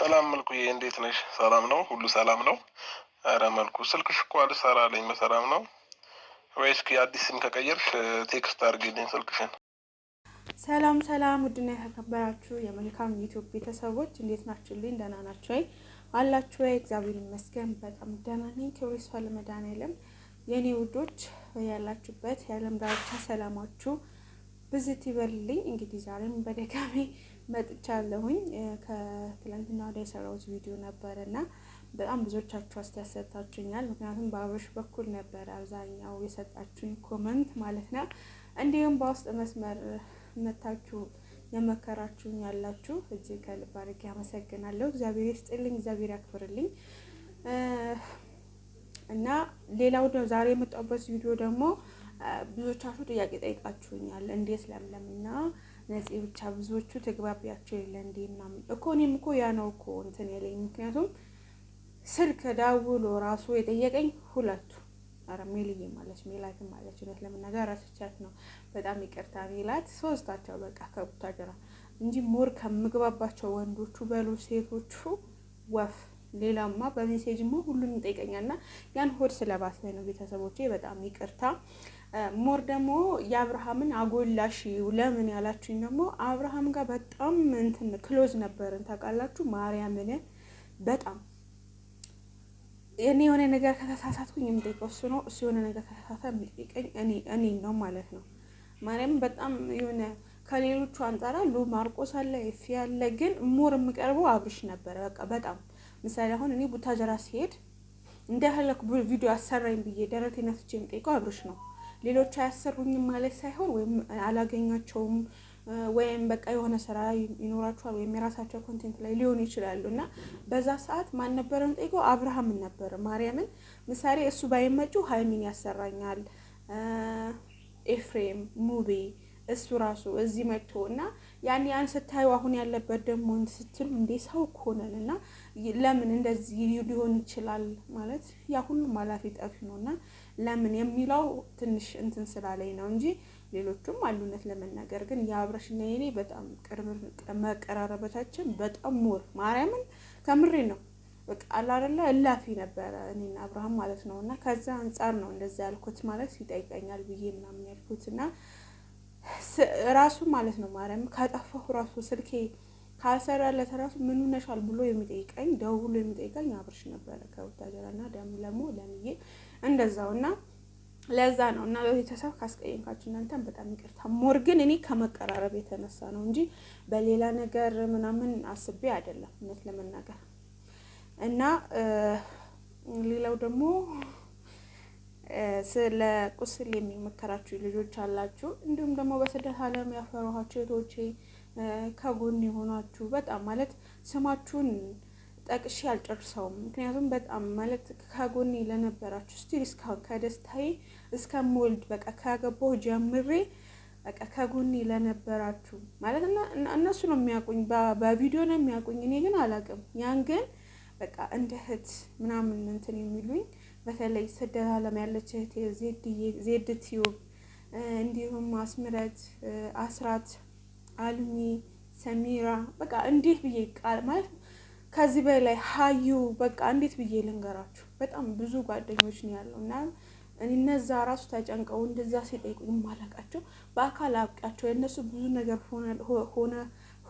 ሰላም መልኩዬ፣ እንዴት ነሽ? ሰላም ነው? ሁሉ ሰላም ነው? አረ መልኩ ስልክሽ እኮ አልሰራ አለኝ። በሰላም ነው ወይ? እስኪ አዲስ ስም ከቀየርሽ ቴክስት አድርጊልኝ ስልክሽን። ሰላም ሰላም፣ ውድና የተከበራችሁ የመልካም ዩቲዩብ ቤተሰቦች እንዴት ናችሁልኝ? ደህና ናችሁ ወይ? አላችሁ ወይ? እግዚአብሔር ይመስገን በጣም ደህና ነኝ። ክብር ይስፋ ለመድኃኔዓለም። የእኔ ውዶች ያላችሁበት የዓለም ዳርቻ ሰላማችሁ ብዝት ይበልልኝ። እንግዲህ ዛሬም በደጋሚ መጥቻለሁኝ ከትላንትና ወደ የሰራሁት ቪዲዮ ነበረ እና በጣም ብዙዎቻችሁ አስተያየት ሰጥታችሁኛል። ምክንያቱም በአብርሽ በኩል ነበረ አብዛኛው የሰጣችሁኝ ኮመንት ማለት ነው። እንዲሁም በውስጥ መስመር መታችሁ የመከራችሁኝ ያላችሁ እጅግ ከልብ አድርጌ አመሰግናለሁ። እግዚአብሔር ይስጥልኝ፣ እግዚአብሔር ያክብርልኝ። እና ሌላው ዛሬ የመጣሁበት ቪዲዮ ደግሞ ብዙዎቻችሁ ጥያቄ ጠይቃችሁኛል እንዴት ለምለምና ነፂ ብቻ ብዙዎቹ ተግባቢያቸው የለ እንዴ ምናምን እኮ እኔም እኮ ያ ነው እኮ እንትን ያለኝ። ምክንያቱም ስልክ ደውሎ ራሱ የጠየቀኝ ሁለቱ ኧረ ሜልዬ ማለች ሜላትም ማለች እውነት ለመናገር ራስቻት ነው። በጣም ይቅርታ ሜላት፣ ሶስታቸው በቃ ከቡታጀራ እንጂ ሞር ከምግባባቸው ወንዶቹ በሉ ሴቶቹ ወፍ ሌላማ በሜሴጅ ሁሉንም ጠይቀኛልና ያን ሆድ ስለባሰ ነው። ቤተሰቦቼ በጣም ይቅርታ ሞር ደግሞ የአብርሃምን አጎላሽ ለምን ያላችሁኝ ደግሞ አብርሃም ጋር በጣም እንትን ክሎዝ ነበርን ታውቃላችሁ። ማርያምን በጣም እኔ የሆነ ነገር ከተሳሳትኩኝ የምጠይቀው እሱ ነው። እሱ የሆነ ነገር ከተሳሳ የሚጠይቀኝ እኔ ነው ማለት ነው። ማርያም በጣም የሆነ ከሌሎቹ አንጻር አሉ። ማርቆስ አለ፣ ኤፊ ያለ ግን ሞር የምቀርበው አብርሽ ነበረ። በቃ በጣም ምሳሌ አሁን እኔ ቡታጀራ ሲሄድ እንደ ህለክ ቪዲዮ አሰራኝ ብዬ ደረቴ ነፍቼ የምጠይቀው አብርሽ ነው። ሌሎች አያሰሩኝም ማለት ሳይሆን ወይም አላገኛቸውም ወይም በቃ የሆነ ስራ ይኖራቸዋል ወይም የራሳቸው ኮንቴንት ላይ ሊሆኑ ይችላሉ። እና በዛ ሰዓት ማን ነበረን ጠይቆ አብርሃምን ነበር ማርያምን። ምሳሌ እሱ ባይመጩ ሀይሚን ያሰራኛል ኤፍሬም ሙቤ እሱ ራሱ እዚህ መጥቶ እና ያን ያን ስታዩ አሁን ያለበት ደግሞ ስትሉ እንዴ ሰው እኮ እና ለምን እንደዚህ ሊሆን ይችላል ማለት ያ ሁሉም ኃላፊ ጠፊ ነው እና ለምን የሚለው ትንሽ እንትን ስላለኝ ነው እንጂ ሌሎቹም አሉነት ለመናገር ግን የአብረሽና የኔ በጣም ቅርብ መቀራረበታችን በጣም ሞር ማርያምን ከምሬ ነው። በቃ አላደለ እላፊ ነበረ እኔና አብርሃም ማለት ነው። እና ከዛ አንጻር ነው እንደዛ ያልኩት ማለት ይጠይቀኛል ብዬ ምናምን ያልኩት እና ራሱ ማለት ነው ማርያም ካጠፋሁ ራሱ ስልኬ ካልሰራለት ራሱ ምን ነሻል ብሎ የሚጠይቀኝ ደውሎ የሚጠይቀኝ አብርሽ ነበረ ከቡታጀራና ደም ለሞ ለምዬ እንደዛው እና ለዛ ነው እና ቤተሰብ ካስቀየምካችሁ እናንተን በጣም ይቅርታ። ሞር ግን እኔ ከመቀራረብ የተነሳ ነው እንጂ በሌላ ነገር ምናምን አስቤ አይደለም እውነት ለመናገር እና ሌላው ደግሞ ስለ ቁስል የሚመከራችሁ ልጆች አላችሁ፣ እንዲሁም ደግሞ በስደት ዓለም ያፈሯኋቸው እህቶቼ ከጎን የሆናችሁ በጣም ማለት ስማችሁን ጠቅሼ አልጨርሰውም። ምክንያቱም በጣም ማለት ከጎኔ ለነበራችሁ ስቲል እስካሁን ከደስታዬ እስከምወልድ በቃ ካገባሁ ጀምሬ በቃ ከጎኔ ለነበራችሁ ማለት እነሱ ነው የሚያውቁኝ፣ በቪዲዮ ነው የሚያውቁኝ። እኔ ግን አላውቅም። ያን ግን በቃ እንደ እህት ምናምን እንትን የሚሉኝ በተለይ ስደት ዓለም ያለች እህቴ ዜድ ቲዩብ እንዲሁም አስምረት፣ አስራት፣ አልሚ፣ ሰሚራ በቃ እንዲህ ብዬ ቃል ማለት ከዚህ በላይ ሀዩ በቃ እንዴት ብዬ ልንገራችሁ፣ በጣም ብዙ ጓደኞች ነው ያለው እና እነዛ ራሱ ተጨንቀው እንደዛ ሲጠይቁ ይማላቃቸው በአካል አውቃቸው የእነሱ ብዙ ነገር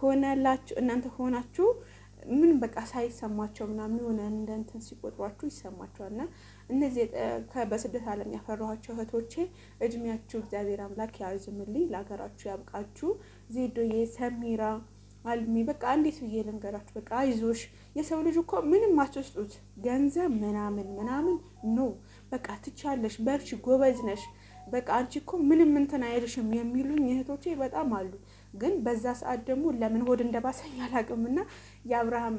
ሆነላችሁ እናንተ ሆናችሁ ምን በቃ ሳይሰማቸው ምናምን የሆነ እንደ እንትን ሲቆጥሯችሁ ይሰማቸዋል። እና እነዚህ በስደት ዓለም ያፈራኋቸው እህቶቼ እድሜያችሁ እግዚአብሔር አምላክ ያዝምልኝ፣ ለሀገራችሁ ያብቃችሁ። ዜዶዬ ሰሚራ አልሚ በቃ እንዴት ብዬ ልንገራችሁ? በቃ አይዞሽ። የሰው ልጅ እኮ ምንም አትወስጡት፣ ገንዘብ ምናምን ምናምን ኖ በቃ ትቻለሽ፣ በርቺ፣ ጎበዝ ነሽ፣ በቃ አንቺ እኮ ምንም እንትን አይልሽም የሚሉኝ እህቶቼ በጣም አሉ። ግን በዛ ሰዓት ደግሞ ለምን ሆድ እንደባሰኝ አላውቅም። እና የአብርሃም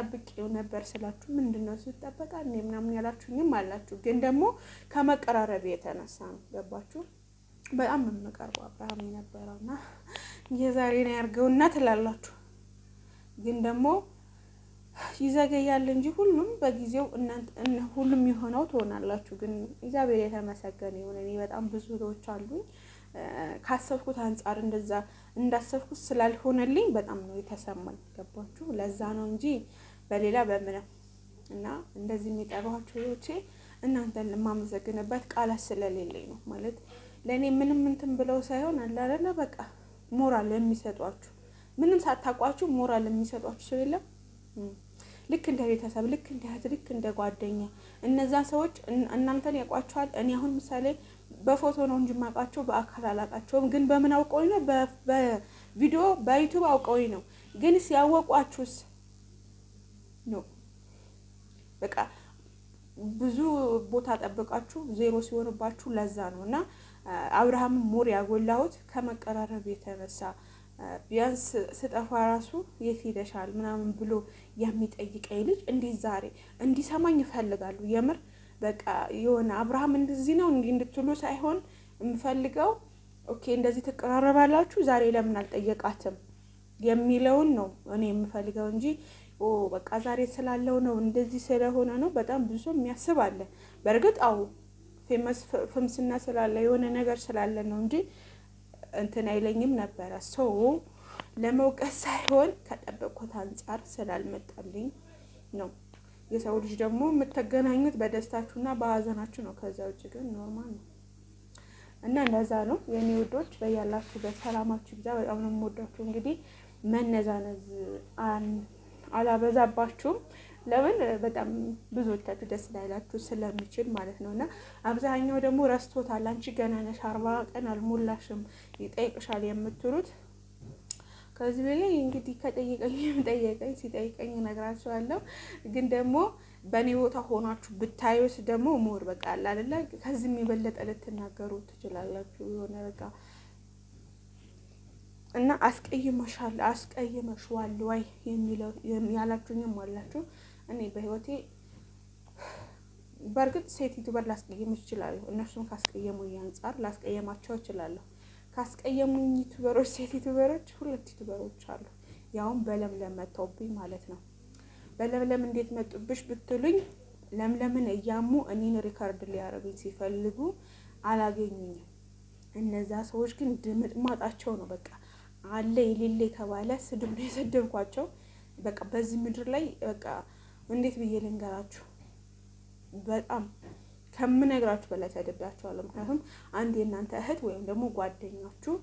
ጠብቄው ነበር ስላችሁ ምንድን ነው ስጠበቃ እኔ ምናምን ያላችሁኝም አላችሁ። ግን ደግሞ ከመቀራረብ የተነሳ ነው። ገባችሁ? በጣም የምቀርበው አብርሃም የነበረው እና የዛሬን ያርገውና ትላላችሁ፣ ግን ደግሞ ይዘገያል እንጂ ሁሉም በጊዜው እናንተ ሁሉም የሆነው ትሆናላችሁ። ግን እግዚአብሔር የተመሰገነ ይሁን። እኔ በጣም ብዙ እህቶች አሉኝ ካሰብኩት አንጻር እንደዛ እንዳሰብኩት ስላልሆነልኝ በጣም ነው የተሰማኝ። ገባችሁ? ለዛ ነው እንጂ በሌላ በምንም እና እንደዚህ የሚጠሯቸው ዎቼ እናንተን የማመሰግንበት ቃላት ስለሌለኝ ነው ማለት ለእኔ ምንም እንትን ብለው ሳይሆን አላለለ በቃ ሞራል የሚሰጧችሁ ምንም ሳታውቋችሁ ሞራል የሚሰጧችሁ ሰው የለም። ልክ እንደ ቤተሰብ፣ ልክ እንደ እህት፣ ልክ እንደ ጓደኛ እነዛ ሰዎች እናንተን ያውቋችኋል። እኔ አሁን ምሳሌ በፎቶ ነው እንጂ የማውቃቸው በአካል አላውቃቸውም። ግን በምን አውቀውኝ ነው? በቪዲዮ በዩቱብ አውቀውኝ ነው። ግን ሲያወቋችሁስ ነው በቃ ብዙ ቦታ ጠብቃችሁ ዜሮ ሲሆንባችሁ ለዛ ነው እና አብርሃም ሙር ያጎላሁት ከመቀራረብ የተነሳ ቢያንስ ስጠፋ ራሱ የት ሄደሻል ምናምን ብሎ የሚጠይቀኝ ልጅ እንዴት ዛሬ እንዲሰማኝ ይፈልጋሉ። የምር በቃ የሆነ አብርሃም እንደዚህ ነው እንዲህ እንድትሉ ሳይሆን የምፈልገው ኦኬ፣ እንደዚህ ትቀራረባላችሁ ዛሬ ለምን አልጠየቃትም የሚለውን ነው እኔ የምፈልገው እንጂ በቃ ዛሬ ስላለው ነው እንደዚህ ስለሆነ ነው። በጣም ብዙ የሚያስብ አለ በእርግጥ አዎ ፌመስ ፍምስና ስላለ የሆነ ነገር ስላለ ነው እንጂ እንትን አይለኝም ነበረ። ሰው ለመውቀስ ሳይሆን ከጠበቅኩት አንጻር ስላልመጣልኝ ነው። የሰው ልጅ ደግሞ የምትገናኙት በደስታችሁና በሀዘናችሁ ነው። ከዛ ውጭ ግን ኖርማል ነው እና እንደዛ ነው የኔ ውዶች። በያላችሁ በሰላማችሁ ይብዛ። በጣም ነው የምወዳችሁ። እንግዲህ መነዛነዝ አላበዛባችሁም። ለምን በጣም ብዙዎቻችሁ ደስ ላይላችሁ ስለሚችል ማለት ነው። እና አብዛኛው ደግሞ ረስቶታል። አንቺ ገና ነሽ፣ አርባ ቀን አልሞላሽም ይጠይቅሻል የምትሉት ከዚህ በላይ እንግዲህ ከጠየቀኝ ጠየቀኝ ሲጠይቀኝ እነግራችኋለሁ። ግን ደግሞ በእኔ ቦታ ሆናችሁ ብታዩት ደግሞ ሞር በቃ አላለ ከዚህም የበለጠ ልትናገሩ ትችላላችሁ። የሆነ በቃ እና አስቀይመሻል አስቀይመሽዋል ወይ የሚለው ያላችሁኝም አላችሁ እኔ በህይወቴ በእርግጥ ሴት ዩቱበር ላስቀየም ይችላሉ። እነሱን ካስቀየሙኝ አንጻር ላስቀየማቸው እችላለሁ። ካስቀየሙኝ ዩቱበሮች ሴት ዩቱበሮች ሁለት ዩቱበሮች አሉ። ያውም በለምለም መጥተውብኝ ማለት ነው። በለምለም እንዴት መጡብሽ ብትሉኝ ለምለምን እያሙ እኔን ሪከርድ ሊያደርጉኝ ሲፈልጉ አላገኙኝም። እነዛ ሰዎች ግን ድምጥማጣቸው ነው። በቃ አለ የሌለ የተባለ ስድብ ነው የሰደብኳቸው። በቃ በዚህ ምድር ላይ በቃ እንዴት ብዬ ልንገራችሁ? በጣም ከምነግራችሁ በላይ ተደብዳችኋለሁ። ምክንያቱም አንድ የእናንተ እህት ወይም ደግሞ ጓደኛችሁ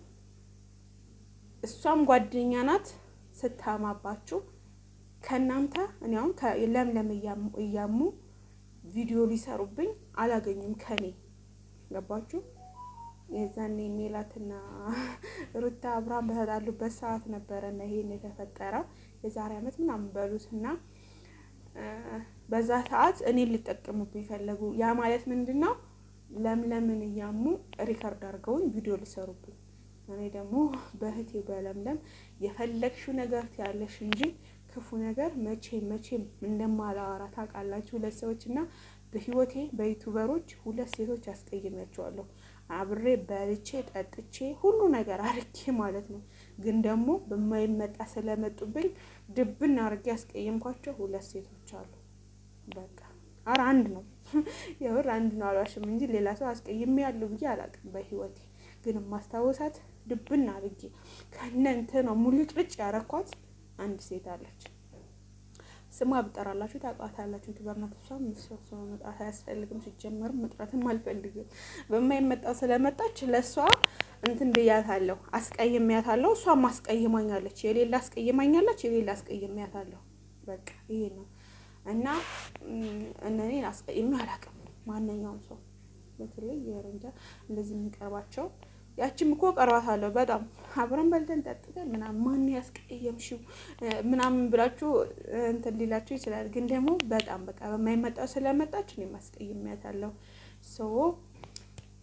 እሷም ጓደኛ ናት ስታማባችሁ ከእናንተ እኔ አሁን ለምለም እያሙ ቪዲዮ ሊሰሩብኝ አላገኙም ከኔ ገባችሁ? የዛኔ ሜላትና ሩታ አብርሃም በተጣሉበት ሰዓት ነበረ እና ይሄን የተፈጠረ የዛሬ አመት ምናምን በሉት እና በዛ ሰዓት እኔ ሊጠቀሙብኝ ፈለጉ። ያ ማለት ምንድን ነው? ለምለምን እያሙ ሪከርድ አድርገውኝ ቪዲዮ ሊሰሩብኝ። እኔ ደግሞ በእህቴ በለምለም የፈለግሽው ነገር ትያለሽ እንጂ ክፉ ነገር መቼ መቼ እንደማላወራ ታውቃላችሁ። ሁለት ሰዎች እና በህይወቴ በዩቱበሮች ሁለት ሴቶች አስቀይሜያቸዋለሁ። አብሬ በልቼ ጠጥቼ ሁሉ ነገር አርኬ ማለት ነው። ግን ደግሞ በማይመጣ ስለመጡብኝ ድብን አድርጌ ያስቀየምኳቸው ሁለት ሴቶች አሉ። በቃ አረ አንድ ነው የብር አንድ ነው አሏሽም እንጂ ሌላ ሰው አስቀይም ያለው ብዬ አላውቅም በህይወቴ። ግን ማስታወሳት ድብን አድርጌ ከነንተ ነው ሙልጭልጭ ያረኳት አንድ ሴት አለች። ስማ ብጠራላችሁ ታውቃታላችሁ። በእናትህ እሷም ሰው መጣት አያስፈልግም። ሲጀመርም መጥራትም አልፈልግም። በማይመጣው ስለመጣች ለእሷ እንትን ብያታለሁ፣ አስቀይሜያታለሁ። እሷም አስቀይማኛለች። የሌላ አስቀይማኛለች፣ የሌላ አስቀይሜያታለሁ። በቃ ይሄ ነው እና እነኔን አስቀይሜ አላውቅም። ማንኛውም ሰው በተለይ የረንጃ እንደዚህ የሚቀርባቸው ያቺም እኮ ቀርባታለሁ በጣም አብረን በልተን ጠጥተን ምናምን ማን ያስቀየምሽው ምናምን ብላችሁ እንትን ሊላችሁ ይችላል። ግን ደግሞ በጣም በቃ በማይመጣው ስለመጣች እኔም አስቀይሜያታለሁ ሰው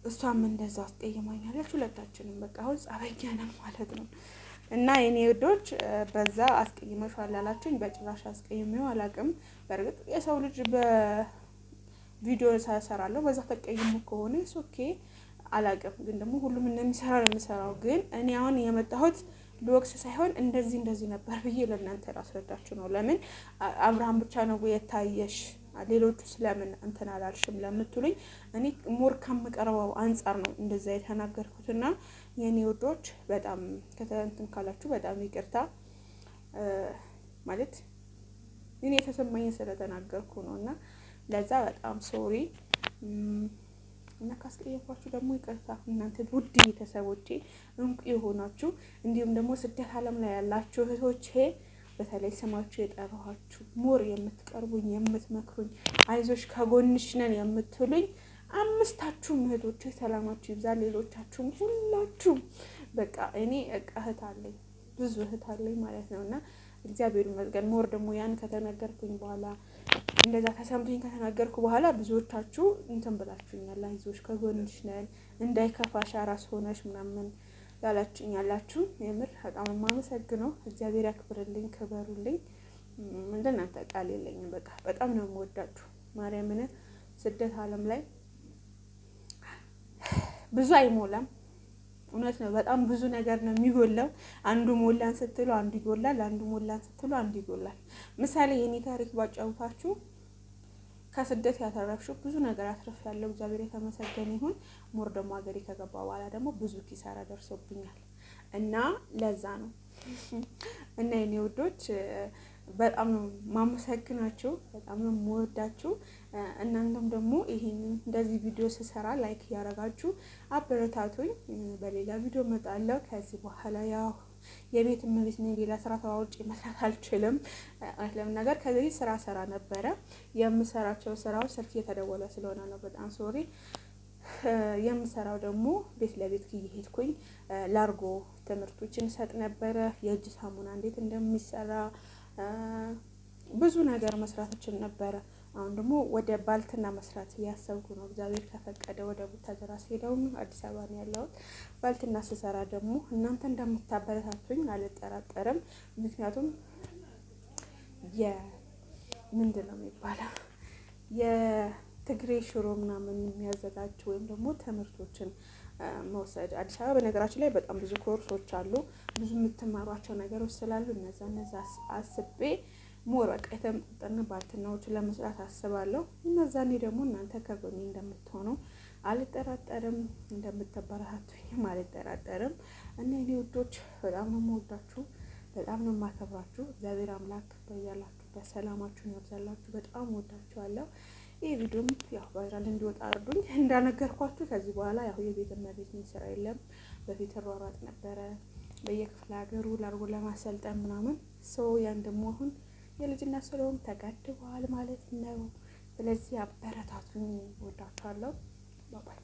እሷም እንደዛ አስቀይማኛለች። ሁለታችንም በቃ አሁን ጸበኛ ነን ማለት ነው። እና የኔ ውዶች በዛ አስቀይመሻል አላችሁኝ። በጭራሽ አስቀይሜው አላቅም። በእርግጥ የሰው ልጅ በቪዲዮ ሳያሰራለሁ በዛ ተቀይሙ ከሆነ ሶኬ አላቅም። ግን ደግሞ ሁሉም እንደሚሰራ ነው የሚሰራው። ግን እኔ አሁን የመጣሁት ልወቅስ ሳይሆን እንደዚህ እንደዚህ ነበር ብዬ ለእናንተ ላስረዳችሁ ነው። ለምን አብርሃም ብቻ ነው የታየሽ ሌሎቹ ስለምን እንትን አላልሽም ለምትሉኝ እኔ ሞር ከምቀርበው አንጻር ነው እንደዛ የተናገርኩትና የኔ ወዶች በጣም ከተንትን ካላችሁ በጣም ይቅርታ ማለት እኔ የተሰማኝን ስለተናገርኩ ነው እና ለዛ በጣም ሶሪ እና ካስቀየኳችሁ ደግሞ ይቅርታ። እናንተ ውድ ቤተሰቦቼ እንቁ የሆናችሁ እንዲሁም ደግሞ ስደት ዓለም ላይ ያላችሁ እህቶቼ በተለይ ስማችሁ የጠራኋችሁ ሞር የምትቀርቡኝ የምትመክሩኝ፣ አይዞች ከጎንሽ ነን የምትሉኝ አምስታችሁ እህቶች ሰላማችሁ ይብዛ። ሌሎቻችሁም ሁላችሁም በቃ እኔ እቃ እህት አለኝ ብዙ እህት አለኝ ማለት ነው እና እግዚአብሔር ይመስገን። ሞር ደግሞ ያን ከተነገርኩኝ በኋላ እንደዛ ተሰምቶኝ ከተናገርኩ በኋላ ብዙዎቻችሁ እንትን ብላችሁኛል። አይዞሽ ከጎንሽ ነን እንዳይከፋሽ አራስ ሆነሽ ምናምን ያላችሁኝ ያላችሁ የምር በጣም የማመሰግነው እግዚአብሔር ያክብርልኝ፣ ክበሩልኝ። እንደናንተ ቃል የለኝም። በቃ በጣም ነው የምወዳችሁ ማርያምን። ስደት ዓለም ላይ ብዙ አይሞላም። እውነት ነው። በጣም ብዙ ነገር ነው የሚጎላው። አንዱ ሞላን ስትሉ አንዱ ይጎላል፣ አንዱ ሞላን ስትሉ አንዱ ይጎላል። ምሳሌ የኔ ታሪክ ባጫውታችሁ ከስደት ያተረፍሽው ብዙ ነገር አትረፍ ያለው እግዚአብሔር የተመሰገነ ይሁን። ሞር ደግሞ ሀገሬ ከገባ በኋላ ደግሞ ብዙ ኪሳራ ደርሶብኛል እና ለዛ ነው እና የኔ ውዶች በጣም ነው ማመሰግናችሁ፣ በጣም ነው የምወዳችሁ። እናንተም ደግሞ ይሄን እንደዚህ ቪዲዮ ስሰራ ላይክ እያደረጋችሁ አበረታቱኝ። በሌላ ቪዲዮ እመጣለሁ ከዚህ በኋላ ያው የቤት እመቤት ነኝ። ሌላ ስራ ተዋውጭ መስራት አልችልም። እውነት ለመናገር ከዚህ ስራ ስራ ነበረ። የምሰራቸው ስራዎች ስልክ እየተደወለ ስለሆነ ነው። በጣም ሶሪ። የምሰራው ደግሞ ቤት ለቤት እየሄድኩኝ ላርጎ ትምህርቶችን እሰጥ ነበረ። የእጅ ሳሙና እንዴት እንደሚሰራ ብዙ ነገር መስራት እችል ነበረ። አሁን ደግሞ ወደ ባልትና መስራት እያሰብኩ ነው። እግዚአብሔር ከፈቀደ ወደ ቡታጅራ ስሄደውም አዲስ አበባ ነው ያለሁት። ባልትና ስሰራ ደግሞ እናንተ እንደምታበረታቱኝ አልጠራጠርም። ምክንያቱም የምንድን ነው የሚባለው የትግሬ ሽሮ ምናምን የሚያዘጋጅ ወይም ደግሞ ትምህርቶችን መውሰድ አዲስ አበባ በነገራችን ላይ በጣም ብዙ ኮርሶች አሉ፣ ብዙ የምትማሯቸው ነገሮች ስላሉ እነዛ እነዛ አስቤ ሞር በቃ የተመጣጠኑ ባልትናዎችን ለመስራት አስባለሁ። እነዛኔ ደግሞ እናንተ ከጎኔ እንደምትሆኑ አልጠራጠርም፣ እንደምትበረታቱኝም አልጠራጠርም። እና የኔ ውዶች በጣም ነው የምወዳችሁ፣ በጣም ነው የማከብራችሁ። እግዚአብሔር አምላክ በያላችሁበት በሰላማችሁን ያብዛላችሁ። በጣም ወዳችኋለሁ። ይህ ቪዲዮም ያው ቫይራል እንዲወጣ አርዱኝ። እንዳነገርኳችሁ ከዚህ በኋላ ያው የቤት እመቤት ስራ የለም። በፊት ሯሯጥ ነበረ በየክፍለ ሀገሩ ላርጎ ለማሰልጠን ምናምን ሰው ያን ደግሞ አሁን የልጅና ስለውም ተገድበዋል ማለት ነው። ስለዚህ አበረታቱኝ። ወዳችኋለሁ። ባባይ